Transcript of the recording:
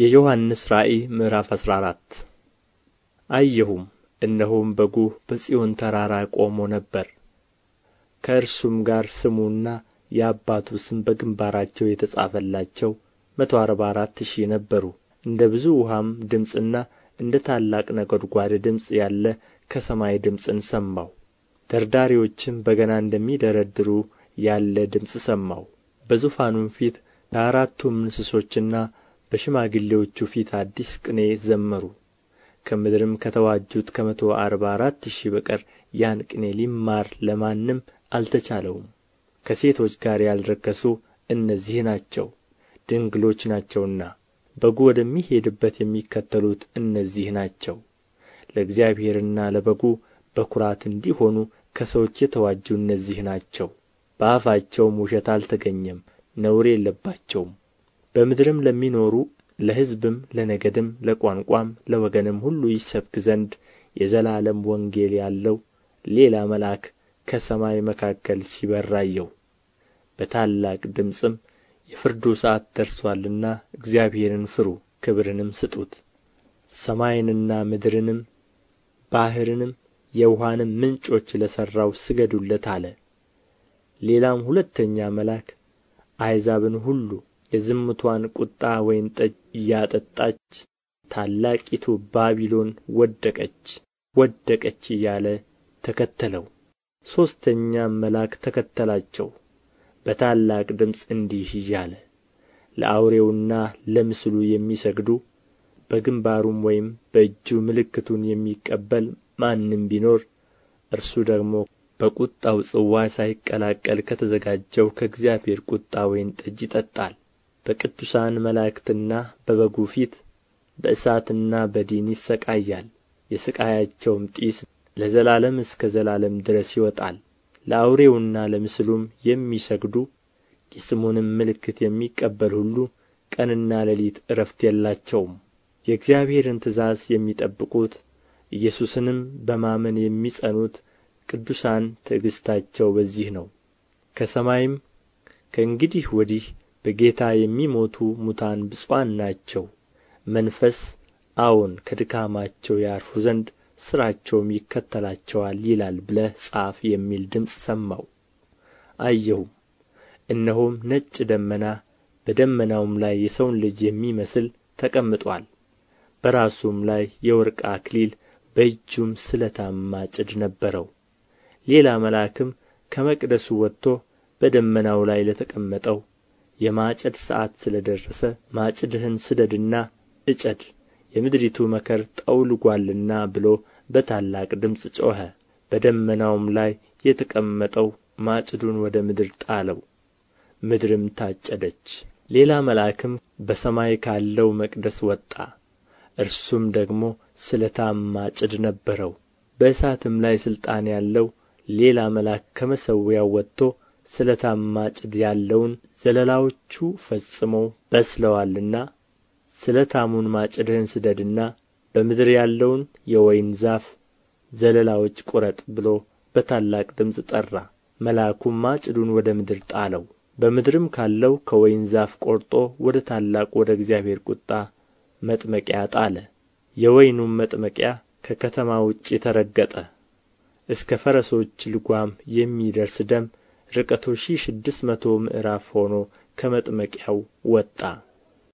የዮሐንስ ራእይ ምዕራፍ አስራ አራት አየሁም እነሆም በጉ በጽዮን ተራራ ቆሞ ነበር ከእርሱም ጋር ስሙና የአባቱ ስም በግንባራቸው የተጻፈላቸው መቶ አርባ አራት ሺህ ነበሩ እንደ ብዙ ውሃም ድምፅና እንደ ታላቅ ነጐድጓድ ድምፅ ያለ ከሰማይ ድምፅን ሰማሁ ደርዳሪዎችም በገና እንደሚደረድሩ ያለ ድምፅ ሰማሁ በዙፋኑም ፊት ከአራቱም እንስሶችና በሽማግሌዎቹ ፊት አዲስ ቅኔ ዘመሩ ከምድርም ከተዋጁት ከመቶ አርባ አራት ሺህ በቀር ያን ቅኔ ሊማር ለማንም አልተቻለውም ከሴቶች ጋር ያልረከሱ እነዚህ ናቸው ድንግሎች ናቸውና በጉ ወደሚሄድበት የሚከተሉት እነዚህ ናቸው ለእግዚአብሔርና ለበጉ በኩራት እንዲሆኑ ከሰዎች የተዋጁ እነዚህ ናቸው በአፋቸውም ውሸት አልተገኘም ነውር የለባቸውም በምድርም ለሚኖሩ ለሕዝብም ለነገድም ለቋንቋም ለወገንም ሁሉ ይሰብክ ዘንድ የዘላለም ወንጌል ያለው ሌላ መልአክ ከሰማይ መካከል ሲበር አየሁ በታላቅ ድምፅም የፍርዱ ሰዓት ደርሶአልና እግዚአብሔርን ፍሩ ክብርንም ስጡት ሰማይንና ምድርንም ባሕርንም የውሃንም ምንጮች ለሠራው ስገዱለት አለ ሌላም ሁለተኛ መልአክ አሕዛብን ሁሉ የዝሙትዋን ቍጣ ወይን ጠጅ እያጠጣች ታላቂቱ ባቢሎን ወደቀች ወደቀች እያለ ተከተለው ሦስተኛም መልአክ ተከተላቸው በታላቅ ድምፅ እንዲህ እያለ ለአውሬውና ለምስሉ የሚሰግዱ በግንባሩም ወይም በእጁ ምልክቱን የሚቀበል ማንም ቢኖር እርሱ ደግሞ በቁጣው ጽዋ ሳይቀላቀል ከተዘጋጀው ከእግዚአብሔር ቁጣ ወይን ጠጅ ይጠጣል በቅዱሳን መላእክትና በበጉ ፊት በእሳትና በዲን ይሰቃያል። የሥቃያቸውም ጢስ ለዘላለም እስከ ዘላለም ድረስ ይወጣል ለአውሬውና ለምስሉም የሚሰግዱ የስሙንም ምልክት የሚቀበል ሁሉ ቀንና ሌሊት እረፍት የላቸውም የእግዚአብሔርን ትእዛዝ የሚጠብቁት ኢየሱስንም በማመን የሚጸኑት ቅዱሳን ትዕግሥታቸው በዚህ ነው ከሰማይም ከእንግዲህ ወዲህ በጌታ የሚሞቱ ሙታን ብፁዓን ናቸው መንፈስ አዎን ከድካማቸው ያርፉ ዘንድ ሥራቸውም ይከተላቸዋል ይላል ብለህ ጻፍ የሚል ድምፅ ሰማው አየሁም እነሆም ነጭ ደመና በደመናውም ላይ የሰውን ልጅ የሚመስል ተቀምጧል። በራሱም ላይ የወርቅ አክሊል በእጁም ስለታማ ማጭድ ነበረው ሌላ መልአክም ከመቅደሱ ወጥቶ በደመናው ላይ ለተቀመጠው የማጨድ ሰዓት ስለ ደረሰ ማጭድህን ስደድና እጨድ የምድሪቱ መከር ጠውልጓልና ብሎ በታላቅ ድምፅ ጮኸ በደመናውም ላይ የተቀመጠው ማጭዱን ወደ ምድር ጣለው ምድርም ታጨደች ሌላ መልአክም በሰማይ ካለው መቅደስ ወጣ እርሱም ደግሞ ስለታም ማጭድ ነበረው በእሳትም ላይ ሥልጣን ያለው ሌላ መልአክ ከመሠዊያው ወጥቶ ስለታም ማጭድ ያለውን ዘለላዎቹ ፈጽመው በስለዋልና ስለታሙን ማጭድህን ስደድና በምድር ያለውን የወይን ዛፍ ዘለላዎች ቁረጥ ብሎ በታላቅ ድምፅ ጠራ መልአኩም ማጭዱን ወደ ምድር ጣለው በምድርም ካለው ከወይን ዛፍ ቆርጦ ወደ ታላቅ ወደ እግዚአብሔር ቁጣ መጥመቂያ ጣለ የወይኑም መጥመቂያ ከከተማ ውጭ ተረገጠ እስከ ፈረሶች ልጓም የሚደርስ ደም ርቀቱ ሺህ ስድስት መቶ ምዕራፍ ሆኖ ከመጥመቂያው ወጣ